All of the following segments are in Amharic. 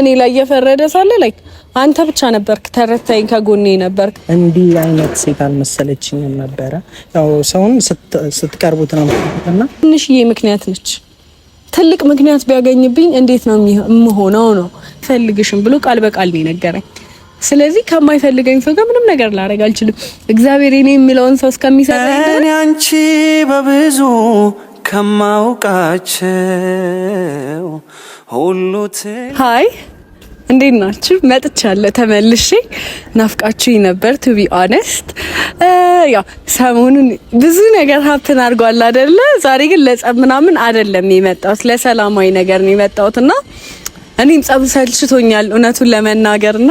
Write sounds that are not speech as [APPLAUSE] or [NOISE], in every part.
እኔ ላይ እየፈረደ ሳለ ላይ አንተ ብቻ ነበርክ ተረታኝ፣ ከጎኔ ነበርክ። እንዲህ አይነት ሴት አልመሰለችኝም ነበረ። ያው ሰውን ስትቀርቡት ነው እና ትንሽዬ ምክንያት ነች። ትልቅ ምክንያት ቢያገኝብኝ እንዴት ነው የምሆነው? ነው ፈልግሽም ብሎ ቃል በቃል ነው የነገረኝ። ስለዚህ ከማይፈልገኝ ሰው ጋር ምንም ነገር ላደርግ አልችልም። እግዚአብሔር እኔ የሚለውን ሰው እስከሚሰጠኝ አንቺ በብዙ ከማውቃቸው ሀይ እንዴት ናችሁ? መጥቻለሁ ተመልሼ። ናፍቃችሁኝ ነበር ቱ ቢ ኦነስት። ያው ሰሞኑን ብዙ ነገር ሀብትን አድርጓል አይደለ? ዛሬ ግን ለጸብ ምናምን አይደለም የመጣሁት ለሰላማዊ ነገር ነው የመጣሁት እና እኔም ጸብ ሰልችቶኛል እውነቱን ለመናገርና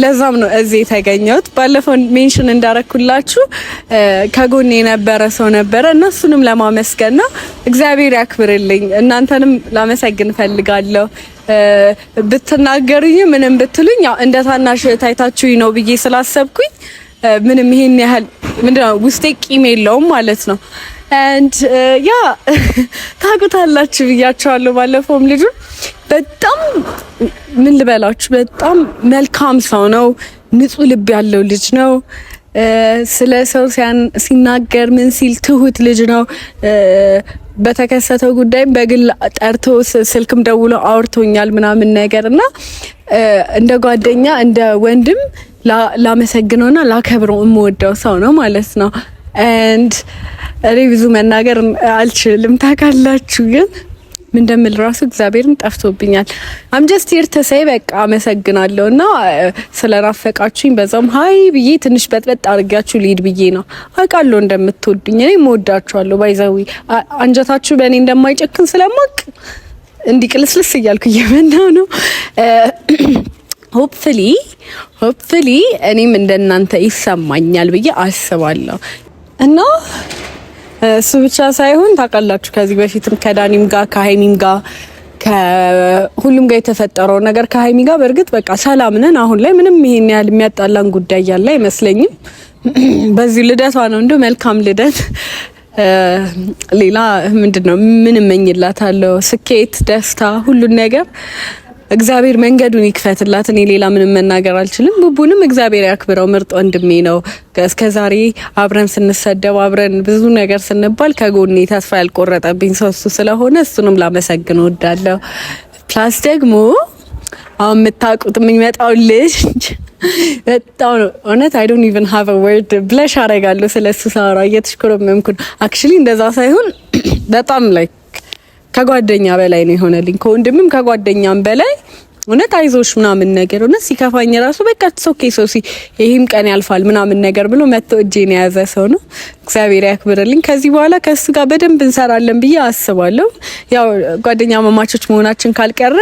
ለዛም ነው እዚህ የተገኘሁት። ባለፈው ሜንሽን እንዳረኩላችሁ ከጎን የነበረ ሰው ነበረ እና እሱንም ለማመስገን ነው። እግዚአብሔር ያክብርልኝ። እናንተንም ላመሰግን ፈልጋለሁ። ብትናገሩኝ ምንም ብትሉኝ ያው እንደ ታናሽ ታይታችሁኝ ነው ብዬ ስላሰብኩኝ ምንም ይሄን ያህል ምንድነው ውስጤ ቂም የለውም ማለት ነው። ያ [LAUGHS] ታጉታላችሁ ብያቸዋለሁ ባለፈውም ልጁ በጣም ምን ልበላችሁ፣ በጣም መልካም ሰው ነው። ንጹህ ልብ ያለው ልጅ ነው። ስለ ሰው ሲናገር ምን ሲል ትሁት ልጅ ነው። በተከሰተው ጉዳይም በግል ጠርቶ ስልክም ደውሎ አውርቶኛል ምናምን ነገር እና እንደ ጓደኛ እንደ ወንድም ላመሰግነውና ላከብረው የምወደው ሰው ነው ማለት ነው። እኔ ብዙ መናገር አልችልም ታውቃላችሁ ግን ምን እንደምል ራሱ እግዚአብሔርን ጠፍቶብኛል። አም ጀስት ሂር ተ ሴይ በቃ አመሰግናለሁ እና ስለናፈቃችሁኝ በዛም ሀይ ብዬ ትንሽ በጥበጥ አድርጋችሁ ሊድ ብዬ ነው። አውቃለሁ እንደምትወዱኝ እኔ እወዳችኋለሁ። ባይዘዊ አንጀታችሁ በእኔ እንደማይጨክን ስለማቅ እንዲቅልስልስ እያልኩ እየመናው ነው። ሆፕፍሊ ሆፕፍሊ እኔም እንደናንተ ይሰማኛል ብዬ አስባለሁ እና እሱ ብቻ ሳይሆን ታውቃላችሁ ከዚህ በፊትም ከዳኒም ጋር ከሀይሚም ጋር ከሁሉም ጋር የተፈጠረው ነገር ከሀይሚ ጋር በእርግጥ በቃ ሰላም ነን አሁን ላይ ምንም ይሄን ያህል የሚያጣላን ጉዳይ ያለ አይመስለኝም። [CLEARS THROAT] በዚህ ልደቷ ነው እንዲሁ መልካም ልደት ሌላ ምንድን ነው ምን እመኝላታለሁ? ስኬት፣ ደስታ፣ ሁሉን ነገር እግዚአብሔር መንገዱን ይክፈትላት። እኔ ሌላ ምንም መናገር አልችልም። ቡቡንም እግዚአብሔር ያክብረው፣ ምርጥ ወንድሜ ነው። እስከ ዛሬ አብረን ስንሰደብ አብረን ብዙ ነገር ስንባል ከጎኔ ተስፋ ያልቆረጠብኝ ሰው እሱ ስለሆነ እሱንም ላመሰግን ወዳለሁ። ፕላስ ደግሞ አሁን የምታውቁት የሚመጣው ልጅ በጣም ነው እውነት። አይ ዶንት ኢቨን ሃቭ አ ወርድ ብለሽ አረጋለሁ ስለ ስለሱ ሳወራ እየተሽኮረመምኩ። አክቹሊ እንደዛ ሳይሆን [CLEARS THROAT] በጣም ላይ ከጓደኛ በላይ ነው የሆነልኝ። ከወንድምም ከጓደኛም በላይ እውነት አይዞሽ ምናምን ነገር እውነት ሲከፋኝ ራሱ በቃ ሶኬ ሶሲ ይህም ቀን ያልፋል ምናምን ነገር ብሎ መጥቶ እጄን የያዘ ሰው ነው። እግዚአብሔር ያክብርልኝ። ከዚህ በኋላ ከእሱ ጋር በደንብ እንሰራለን ብዬ አስባለሁ። ያው ጓደኛ መማቾች መሆናችን ካልቀረ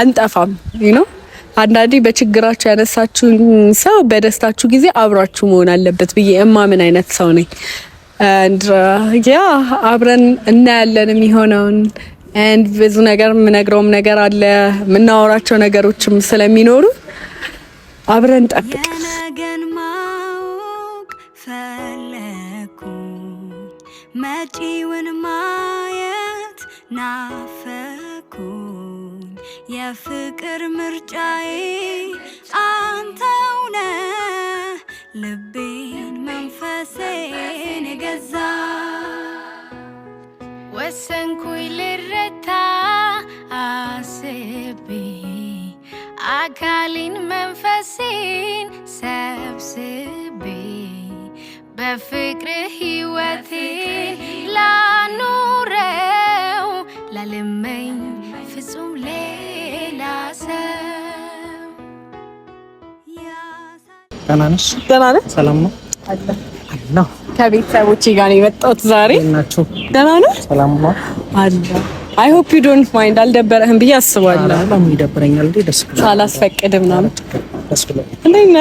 አንጠፋም ነው። አንዳንዴ በችግራችሁ ያነሳችሁን ሰው በደስታችሁ ጊዜ አብራችሁ መሆን አለበት ብዬ እማምን አይነት ሰው ነኝ። ያ uh, አብረን እናያለን የሚሆነውን ኤንድ ብዙ ነገር የምነግረውም ነገር አለ የምናወራቸው ነገሮችም ስለሚኖሩ አብረን ጠብቅ። የነገን ማወቅ ፈለኩ፣ መጪውን ማየት ናፈኩ። የፍቅር ምርጫዬ አንተውነ ልቤ መንፈሴን ገዛ ወሰንኩኝ ልረታ አስቤ አካሊን መንፈሴን ሰብስቤ በፍቅር ሕይወቴ ላኑረው ላለመኝ ፍጹም ሌላ ሰው። ደህና ነሽ? ደህና ነሽ? ሰላም ነው ከቤተሰቦቼ ጋር ነው የመጣሁት ዛሬ። ደህና ነው? ሰላም ነው አለ። አይ ሆፕ ዩ ዶንት ማይንድ አልደበረህም ብዬ አስባለሁ። ይደብረኛል እንዴ ደስ ብሎ ሳላስፈቅድም ነው ደስ ብሎ ነህ? ምናምን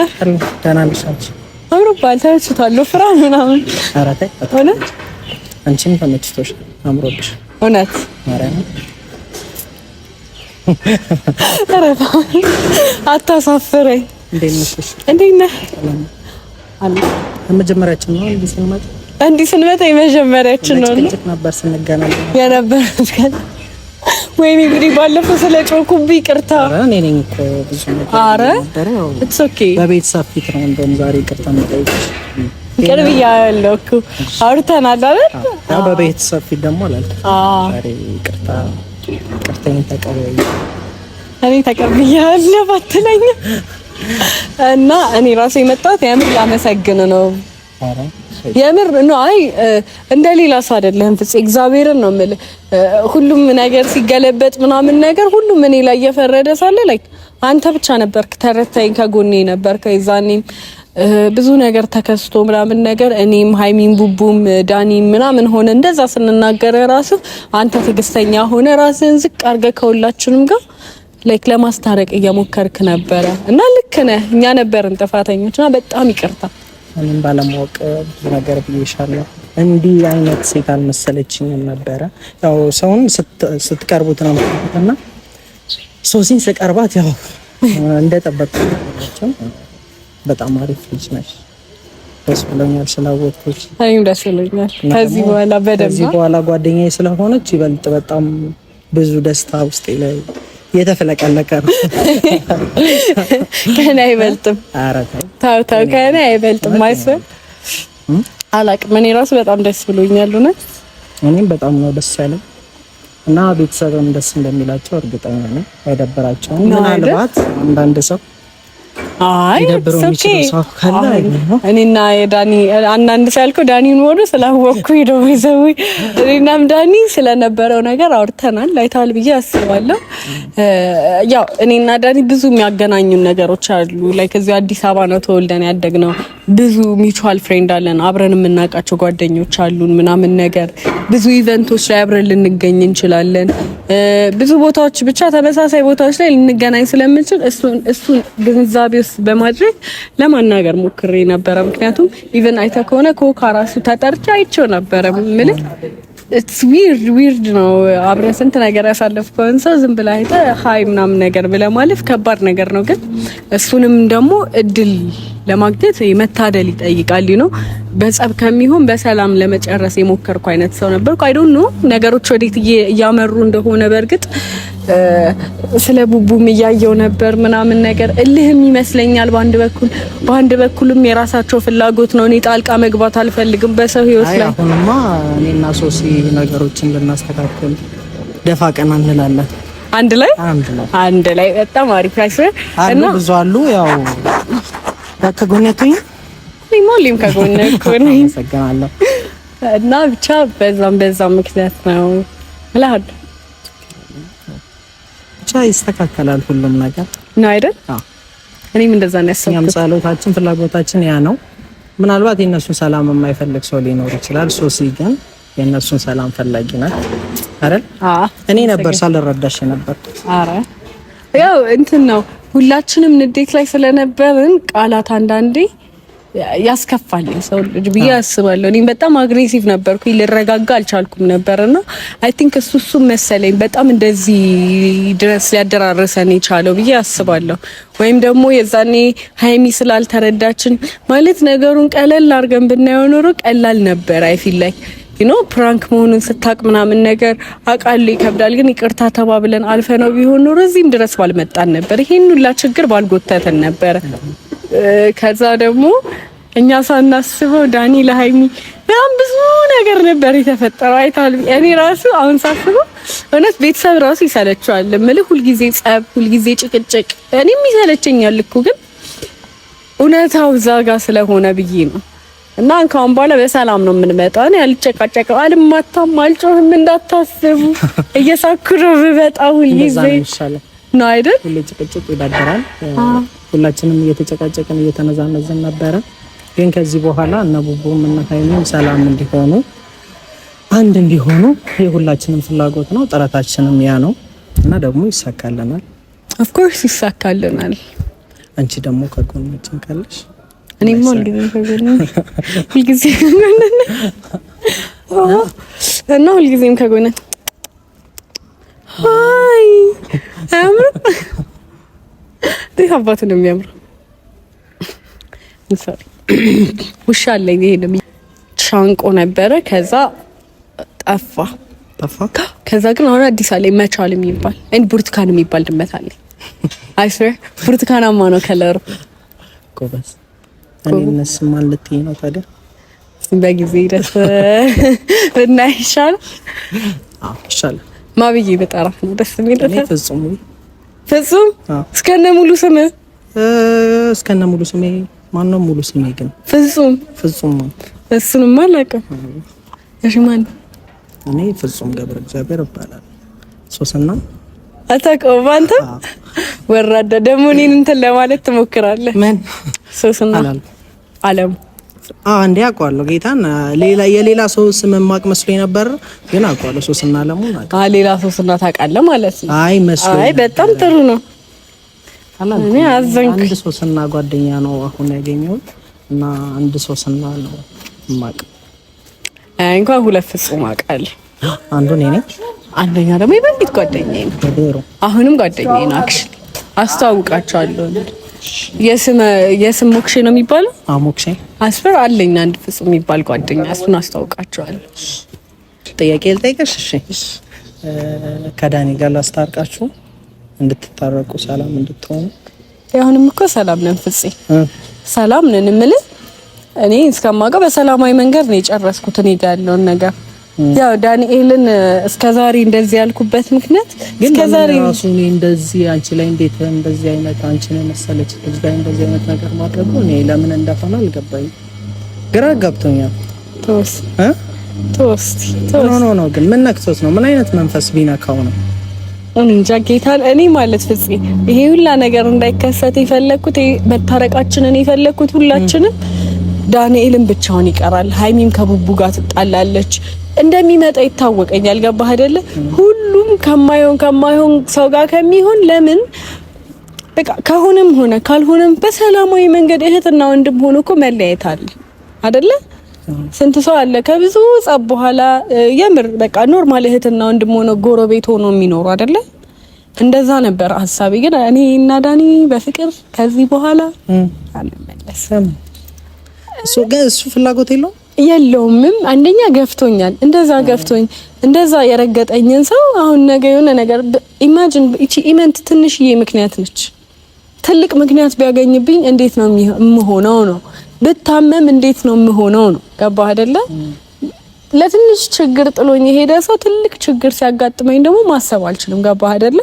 እውነት አታሳፍረኝ። እንዴት ነሽ? እንዴት ነህ? የመጀመሪያችን ነው። እንዲህ ስንመጣ እንዲህ ስንመጣ የመጀመሪያችን ነው። ጭቅጭቅ ነበር ስንገናኝ የነበረች ቀን። ወይኔ እንግዲህ ባለፈው ስለ ጮኩብኝ ይቅርታ። እኔ ነኝ እኮ ብዙ ነገር። አረ ኢትስ ኦኬ። በቤተሰብ ፊት ነው እንደውም ዛሬ ይቅርታ መጠየቅ ቅርብ እያለሁ እኮ አውርተናል አይደል? አዎ። በቤተሰብ ፊት ደግሞ አላልኩም። ዛሬ ይቅርታ ይቅርታዬን ተቀበይኝ። እኔ ተቀብያለሁ ባትለኝም እና እኔ ራሴ የመጣሁት የምር ላመሰግን ነው። የምር ነው። አይ እንደ ሌላ ሰው አይደለም ፍፄ፣ እግዚአብሔርን ነው የምልህ። ሁሉም ነገር ሲገለበጥ ምናምን ነገር ሁሉም እኔ ላይ እየፈረደ ሳለ ላይክ አንተ ብቻ ነበርክ ተረታኝ፣ ከጎኔ ነበርክ። ከዛኔም ብዙ ነገር ተከስቶ ምናምን ነገር እኔም ሀይሚን ቡቡም ዳኒም ምናምን ሆነ እንደዛ ስንናገር ራስህ አንተ ትዕግስተኛ ሆነ ራስህን ዝቅ አድርገህ ከሁላችንም ጋር ላይክ ለማስታረቅ እየሞከርክ ነበረ እና ልክ ነህ። እኛ ነበርን ጥፋተኞች እና በጣም ይቅርታ። ምንም ባለማወቅ ብዙ ነገር ብዬሻለሁ። እንዲህ አይነት ሴት አልመሰለችኝም ነበረ። ያው ሰውን ስትቀርቡት ነው እና ሶሲን ስቀርባት ያው እንደጠበቅኩ በጣም አሪፍ ልጅ ነች። ደስ ብሎኛል ስላወቅኩሽ። እኔም ደስ ብሎኛል። ከዚህ በኋላ በደንብ ከዚህ በኋላ ጓደኛዬ ስለሆነች ይበልጥ በጣም ብዙ ደስታ ውስጤ ላይ የተፈለቀለቀ ነው። ከእኔ አይበልጥም። ኧረ ተው ተው፣ ከእኔ አይበልጥም። አይሰል አላቅም። እኔ ራሱ በጣም ደስ ብሎኛል። እውነት እኔም በጣም ነው ደስ ያለኝ እና ቤተሰብም ደስ እንደሚላቸው እርግጠኛ ነኝ። አይደብራቸውም። ምናልባት አንዳንድ ሰው እኔና የዳኒ አንዳንድ ሲያልከው ዳኒን ሆኖ ስላወቅኩ ሄዶ ይዘው እኔናም ዳኒ ስለነበረው ነገር አውርተናል። አይተዋል ብዬ አስባለሁ። ያው እኔና ዳኒ ብዙ የሚያገናኙን ነገሮች አሉ። ላይክ እዚሁ አዲስ አበባ ነው ተወልደን ያደግነው። ብዙ ሚቹዋል ፍሬንድ አለን፣ አብረን የምናውቃቸው ጓደኞች አሉን ምናምን ነገር ብዙ ኢቨንቶች ላይ አብረን ልንገኝ እንችላለን። ብዙ ቦታዎች ብቻ ተመሳሳይ ቦታዎች ላይ ልንገናኝ ስለምንችል እሱን ግንዛቤ ፎከስ በማድረግ ለማናገር ሞክሬ ነበረ። ምክንያቱም ኢቨን አይተ ከሆነ ኮካ ራሱ ተጠርቼ አይቼው ነበረ። ምን ኢትስ ዊርድ ዊርድ ነው። አብረን ስንት ነገር ያሳለፍከውን ሰው ዝም ብለህ አይተህ ሀይ ምናምን ነገር ብለህ ማለፍ ከባድ ነገር ነው። ግን እሱንም ደግሞ እድል ለማግኘት መታደል ይጠይቃል ነው በጸብ ከሚሆን በሰላም ለመጨረስ የሞከርኩ አይነት ሰው ነበርኩ። አይ ዶንት ኖ ነገሮች ወዴት እያመሩ እንደሆነ በእርግጥ ስለ ቡቡም እያየው ነበር ምናምን ነገር እልህም ይመስለኛል በአንድ በኩል በአንድ በኩልም የራሳቸው ፍላጎት ነው። እኔ ጣልቃ መግባት አልፈልግም በሰው ህይወት ላይ። አሁንማ እኔና ሶሲ ነገሮችን ልናስተካክል ደፋ ቀና እንላለን። አንድ ላይ አንድ ላይ በጣም አሪፍ ያሽ እና ብዙ አሉ ያው ከጎኔቱኝ እኔማ ሁሌም ከጎንህ እኮ ነኝ። አመሰግናለሁ። እና ብቻ በዛም በዛም ምክንያት ነው ብለሃል። ብቻ ይስተካከላል ሁሉም ነገር ነው አይደል? እኔም እንደዛ ነው ያሰብኩት። ጸሎታችን፣ ፍላጎታችን ያ ነው። ምናልባት የእነሱን ሰላም የማይፈልግ ሰው ሊኖር ይችላል። ሶሲ ግን የእነሱን ሰላም ፈላጊ ናት አይደል? እኔ ነበር ሳልረዳሽ ነበር። አረ ያው እንትን ነው ሁላችንም ንዴት ላይ ስለነበርን ቃላት አንዳንዴ ያስከፋልኝ ሰው ልጅ ብዬ አስባለሁ። እኔም በጣም አግሬሲቭ ነበርኩ፣ ልረጋጋ አልቻልኩም ነበር እና አይ ቲንክ እሱ እሱ መሰለኝ በጣም እንደዚህ ድረስ ሊያደራርሰን የቻለው ብዬ አስባለሁ። ወይም ደግሞ የዛኔ ሀይሚ ስላልተረዳችን ማለት ነገሩን ቀለል አድርገን ብናየው ኖሮ ቀላል ነበር። አይ ላይ ዩኖ ፕራንክ መሆኑን ስታቅ ምናምን ነገር አውቃለሁ ይከብዳል፣ ግን ይቅርታ ተባብለን አልፈ ነው ቢሆን ኖሮ እዚህም ድረስ ባልመጣን ነበር፣ ይሄን ሁላ ችግር ባልጎተተን ነበረ። ከዛ ደግሞ እኛ ሳናስበው ዳኒ ለሀይሚ በጣም ብዙ ነገር ነበር የተፈጠረው። አይታል እኔ ራሱ አሁን ሳስበው እውነት ቤተሰብ ራሱ ይሰለችዋል። ምልህ ሁልጊዜ ጸብ፣ ሁልጊዜ ጭቅጭቅ እኔም ይሰለቸኛል እኮ ግን እውነታው እዛ ጋር ስለሆነ ብዬ ነው። እና እንኳን በኋላ በሰላም ነው የምንመጣው። እኔ አልጨቃጨቅም፣ አልማታም፣ አልጮህም እንዳታስቡ። [LAUGHS] እየሳኩ ነው የምመጣው ሁልጊዜ ነው አይደል? ሁሌ ጭቅጭቅ ይዳደራል። ሁላችንም እየተጨቃጨቅን እየተነዛነዝን ነበረ። ግን ከዚህ በኋላ እነ ቡቡም እነ ሀይሚም ሰላም እንዲሆኑ አንድ እንዲሆኑ የሁላችንም ፍላጎት ነው። ጥረታችንም ያ ነው እና ደግሞ ይሳካልናል። ኦፍኮርስ ይሳካልናል። አንቺ ደግሞ ከጎናችን ካለሽ እኔም ሁልጊዜ ከጎን ሁልጊዜ እና ሁልጊዜም ከጎን አይ አያምርም ይህ አባት ነው የሚያምረው። [COUGHS] [COUGHS] ውሻ አለኝ። ይሄ ነው ሻንቆ ነበረ። ከዛ ጠፋ ጠፋ። ከዛ ግን አሁን አዲስ አለኝ መቻል የሚባል እን ብርቱካን የሚባል ድመት አለኝ። አይ [LAUGHS] ስዌር ብርቱካናማ ነው ከለሩ። ጎበዝ እኔ እነሱማ ልትይ ነው ታዲያ በጊዜ ሂደት ብናይ [LAUGHS] ይሻላል። አዎ ይሻላል። ማብዬ በጠራፍ ነው ደስ የሚለው ፍጹም ፍጹም እስከነ ሙሉ ስም እስከነ ሙሉ ስሜ ማን ነው? ሙሉ ስሜ ግን ፍጹም ፍጹም እሱንም እሱንማ አላውቅም። እሺ ማን? እኔ ፍጹም ገብረ እግዚአብሔር እባላለሁ። ሶስና አታውቀውም አንተ ወራዳ። ደግሞ እኔን እንትን ለማለት ትሞክራለህ። ምን ሶስና አለም አንዴ አውቀዋለሁ ጌታን። ሌላ የሌላ ሰው ስም ማቅ መስሎ ነበር፣ ግን አውቀዋለሁ። ሶስና አለሙ ሌላ ሶስና ታውቃለህ ማለት ነው። አይ መስሎ አይ በጣም ጥሩ ነው። እኔ አዘንኩ። አንድ ሶስና ጓደኛ ነው አሁን ያገኘሁት እና አንድ ሶስና ነው ማቅ። እንኳን ሁለት ፍጹም አውቃለሁ። አንዱን እኔ አንደኛ ደግሞ የበፊት ጓደኛዬ ነው። አሁንም ጓደኛዬ ነው። አክሽ አስተዋውቃቸዋለሁ የስም ሞክሼ ነው የሚባለው። ሞክሼ አስፈር አለኝ አንድ ፍጹም የሚባል ጓደኛ፣ እሱን አስታውቃቸዋለሁ። ጥያቄ ልጠይቅሽ? እሺ። ከዳኒ ጋር ላስታርቃችሁ እንድትታረቁ ሰላም እንድትሆኑ። አሁንም እኮ ሰላም ነን ፍፄ፣ ሰላም ነን የምልህ እኔ እስከማውቀው በሰላማዊ መንገድ ነው የጨረስኩት እኔ ጋር ያለውን ነገር ያው ዳንኤልን እስከዛሬ እንደዚህ ያልኩበት ምክንያት እስከዛሬ ራሱ እኔ እንደዚህ አንቺ ላይ እንዴት እንደዚህ አይነት ነው መሰለች ልጅ ላይ እንደዚህ አይነት ነገር ማድረጉ እኔ ለምን እንደፈና አልገባኝ፣ ግራ ገብቶኛል። ቶስ እ ቶስ ቶስ ኖ ኖ፣ ግን ምን ነክቶት ነው? ምን አይነት መንፈስ ቢነካው ነው? እንጃ ጌታን እኔ ማለት ፍፄ ይሄ ሁላ ነገር እንዳይከሰት የፈለኩት መታረቃችንን የፈለኩት ሁላችንም ዳንኤልም ብቻውን ይቀራል። ሀይሚም ከቡቡ ጋር ትጣላለች። እንደሚመጣ ይታወቀኛል። ገባህ አይደለ? ሁሉም ከማይሆን ከማይሆን ሰው ጋር ከሚሆን ለምን በቃ ከሆነም ሆነ ካልሆነም በሰላማዊ መንገድ እህትና ወንድም ሆኖ እኮ መለያየት አለ አይደለ? ስንት ሰው አለ ከብዙ ጸብ በኋላ የምር በቃ ኖርማል እህትና ወንድም ሆኖ ጎረቤት ሆኖ የሚኖሩ አይደለ? እንደዛ ነበር ሀሳቤ። ግን እኔ እና ዳኒ በፍቅር ከዚህ በኋላ አንመለስም። እሱ ግን እሱ ፍላጎት የለውም የለውምም። አንደኛ ገፍቶኛል። እንደዛ ገፍቶኝ እንደዛ የረገጠኝን ሰው አሁን ነገ የሆነ ነገር ኢማጂን፣ እቺ ኢመንት ትንሽዬ ምክንያት ነች። ትልቅ ምክንያት ቢያገኝብኝ እንዴት ነው የምሆነው? ነው ብታመም እንዴት ነው የምሆነው? ነው ገባህ አይደለ? ለትንሽ ችግር ጥሎኝ የሄደ ሰው ትልቅ ችግር ሲያጋጥመኝ ደግሞ ማሰብ አልችልም። ገባህ አይደለ?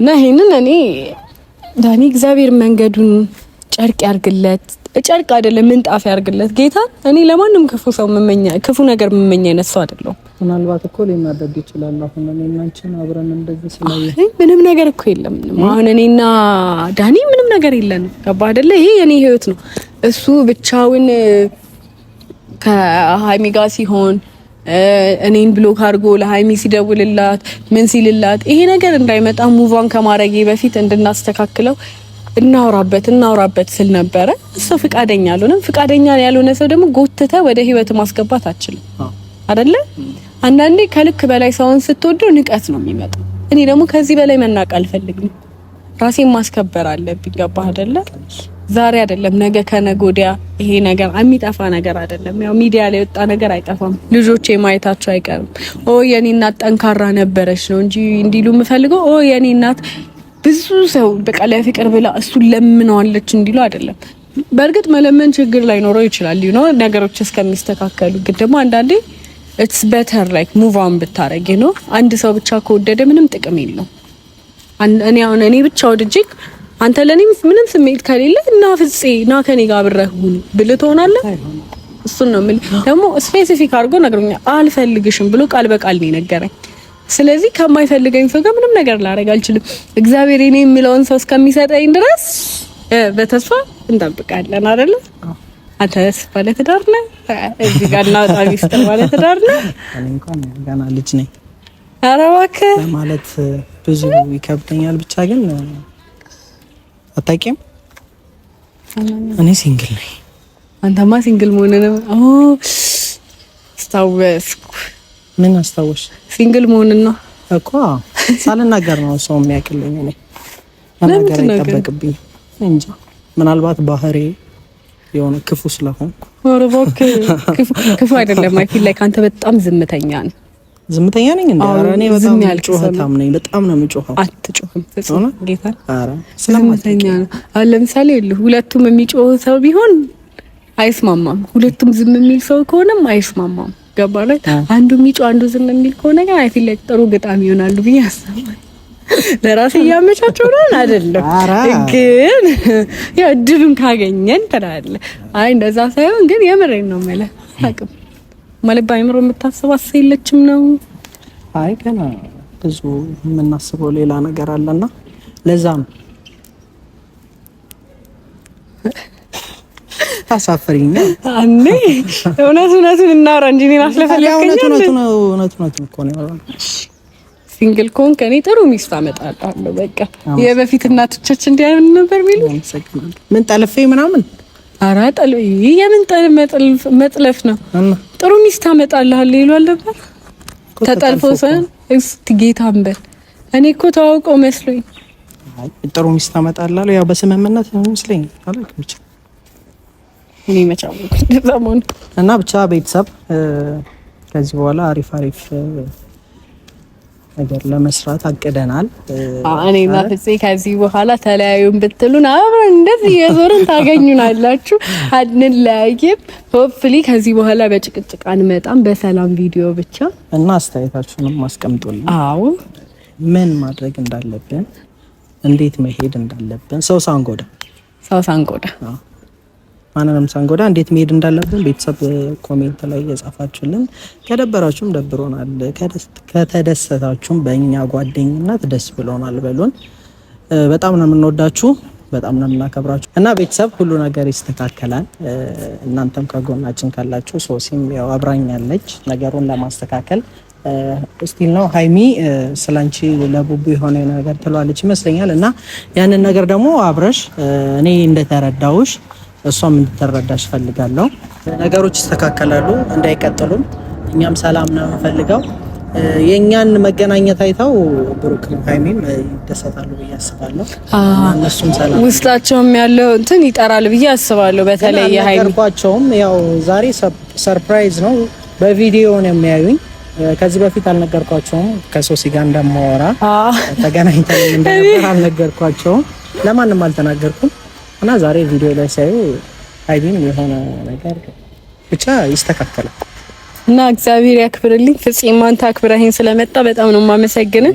እና ይሄንን እኔ ዳኒ እግዚአብሔር መንገዱን ጨርቅ ያርግለት ጨርቅ አይደለም ምንጣፍ ያርግለት ጌታ። እኔ ለማንም ክፉ ሰው መመኛ ክፉ ነገር መመኛ አይነት ሰው አይደለም። ምናልባት እኮ ሊናደድ ይችላል። አሁን እኔና አንቺን አብረን እንደዚህ ስለዚህ ምንም ነገር እኮ የለም። አሁን እኔና ዳኒ ምንም ነገር የለንም። ገባ አይደለ? ይሄ የኔ ህይወት ነው። እሱ ብቻውን ከሀይሚ ጋር ሲሆን እኔን ብሎክ አድርጎ ለሀይሚ ሲደውልላት ምን ሲልላት ይሄ ነገር እንዳይመጣ ሙቫን ከማድረጌ በፊት እንድናስተካክለው እናውራበት እናውራበት ስል ነበረ። እሱ ፍቃደኛ አልሆነም። ፍቃደኛ ያልሆነ ሰው ደግሞ ጎትተ ወደ ህይወት ማስገባት አችልም አይደለ? አንዳንዴ ከልክ በላይ ሰውን ስትወዱ ንቀት ነው የሚመጣው። እኔ ደግሞ ከዚህ በላይ መናቅ አልፈልግም። ራሴን ማስከበር አለብኝ። ገባህ አይደለ? ዛሬ አይደለም ነገ ከነገ ወዲያ ይሄ ነገር የሚጠፋ ነገር አይደለም። ያው ሚዲያ ላይ የወጣ ነገር አይጠፋም። ልጆቼ ማየታቸው አይቀርም። ኦ የኔ እናት ጠንካራ ነበረች ነው እንጂ እንዲሉ የምፈልገው ኦ የኔ እናት ብዙ ሰው በቃ ለፍቅር ብላ እሱን ለምነዋለች እንዲሉ አይደለም። በእርግጥ መለመን ችግር ላይ ላይኖረው ይችላል ዩ ነው ነገሮች እስከሚስተካከሉ። ግን ደግሞ አንዳንዴ ኢትስ በተር ላይክ ሙቭ ኦን ብታረጊ ነው። አንድ ሰው ብቻ ከወደደ ምንም ጥቅም የለው። እኔ አሁን እኔ ብቻ ወድጄ አንተ ለኔ ምንም ስሜት ከሌለ እና ፍፄ እና ከኔ ጋር አብረህ ሁን ብልህ ትሆናለህ። እሱን ነው የምልህ። ደግሞ ስፔሲፊክ አድርጎ ነግሮኛል። አልፈልግሽም ብሎ ቃል በቃል ነው የነገረኝ። ስለዚህ ከማይፈልገኝ ሰው ጋር ምንም ነገር ላደርግ አልችልም። እግዚአብሔር እኔ የሚለውን ሰው እስከሚሰጠኝ ድረስ በተስፋ እንጠብቃለን አይደለ? አንተ ተስፋ ለትዳር ነህ። እዚህ ጋር እናወጣ ሚስጥር ማለት ትዳር ነህ። እኔ እንኳን ገና ልጅ ነኝ። ኧረ እባክህ ማለት ብዙ ይከብደኛል። ብቻ ግን አታውቂም፣ እኔ ሲንግል ነኝ። አንተማ ሲንግል መሆንንም አስታወስኩ። ምን አስታወሽ? ሲንግል መሆንን ነው እኮ ሳልናገር ነው ሰው የሚያውቅልኝ። እኔ ለምን አይጠበቅብኝ እንጂ ምናልባት ባህሪ የሆነ ክፉ ስለሆን ክፉ ክፉ አይደለም። አይ ፊል ላይክ አንተ በጣም ዝምተኛ ነህ። ዝምተኛ ነኝ እንዴ? ኧረ እኔ በጣም ጩኸታም ነኝ። በጣም ነው የምጮኸው። አትጮህም። ጌታ ኧረ ዝምተኛ ነው። አሁን ለምሳሌ ሁለቱም የሚጮህ ሰው ቢሆን አይስማማም። ሁለቱም ዝም የሚል ሰው ከሆነም አይስማማም። ላይ አንዱ የሚጮህ አንዱ ዝም የሚል ከሆነ ግን አይ ፊል ላይክ ጥሩ ግጣም ይሆናሉ ብዬ አስባለሁ። ለራሴ እያመቻቸው አይደለም፣ ግን ያው እድሉን ካገኘን ትላለህ። አይ እንደዛ ሳይሆን ግን የምሬን ነው የምልህ። አቅም ማለት በአይምሮ ነው። አይ ገና ብዙ የምናስበው ሌላ ነገር አለና ለዛ ነው አታሳፍሪኝ። እውነት እውነቱን እናውራ እንጂ እኔን አስለፈለከኛል። ሲንግል ከሆንክ ከኔ ጥሩ ሚስት አመጣልሃለሁ። በቃ የበፊት እናቶቻችን እንዲህ ነበር የሚሉ ምን ጠልፌ ምናምን ኧረ ጠል የምን ጠል መጥለፍ ነው። ጥሩ ሚስት አመጣልሃለሁ ይሏል ነበር ተጠልፎ ሰን እስቲ ጌታን በል። እኔ እኮ ተዋውቀው መስሎኝ ጥሩ ሚስት አመጣልሃለሁ ያው በስምምነት ነው መስለኝ አላውቅም ብቻ እኔ እና ብቻ ቤተሰብ ከዚህ በኋላ አሪፍ አሪፍ ነገር ለመስራት አቅደናል። እኔና ፍፄ ከዚህ በኋላ ተለያዩን ብትሉን አብረን እንደዚህ የዞርን ታገኙናላችሁ። አንለያይም። ሆፕፍሊ ከዚህ በኋላ በጭቅጭቅ አንመጣም። በሰላም ቪዲዮ ብቻ እና አስተያየታችሁንም ማስቀምጡልን። አዎ ምን ማድረግ እንዳለብን፣ እንዴት መሄድ እንዳለብን ሰው ሳንጎዳ ሰው ሳንጎዳ ማንንም ሳንጎዳ እንዴት መሄድ እንዳለብን ቤተሰብ ኮሜንት ላይ የጻፋችሁልን፣ ከደበራችሁም ደብሮናል፣ ከተደሰታችሁም በእኛ ጓደኝነት ደስ ብሎናል በሉን። በጣም ነው የምንወዳችሁ፣ በጣም ነው የምናከብራችሁ እና ቤተሰብ ሁሉ ነገር ይስተካከላል። እናንተም ከጎናችን ካላችሁ፣ ሶሲም ያው አብራኛለች ነገሩን ለማስተካከል ስቲል ነው ሀይሚ ስላንቺ ለቡቡ የሆነ ነገር ትሏለች ይመስለኛል እና ያንን ነገር ደግሞ አብረሽ እኔ እንደተረዳውሽ እሷም እንድትረዳሽ ፈልጋለሁ። ነገሮች ይስተካከላሉ፣ እንዳይቀጥሉም እኛም ሰላም ነው የምንፈልገው። የእኛን መገናኘት አይተው ብሩክ ሀይሚም ይደሰታሉ ብዬ አስባለሁ። እነሱም ሰላም ውስጣቸውም ያለው እንትን ይጠራል ብዬ አስባለሁ። በተለይ ነገርኳቸውም ያው ዛሬ ሰርፕራይዝ ነው፣ በቪዲዮ ነው የሚያዩኝ። ከዚህ በፊት አልነገርኳቸውም ከሶሲ ጋር እንደማወራ ተገናኝተን እንደነበር አልነገርኳቸውም፣ ለማንም አልተናገርኩም። እና ዛሬ ቪዲዮ ላይ ሳዩ አይቢም የሆነ ነገር ብቻ ይስተካከላል እና እግዚአብሔር ያክብርልኝ። ፍጹም አንተ አክብረህኝ ስለመጣ በጣም ነው ማመሰግን።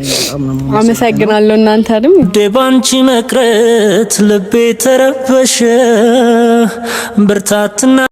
አመሰግናለሁ። እናንተንም ባንቺ መቅረት ልቤ ተረበሸ ብርታትና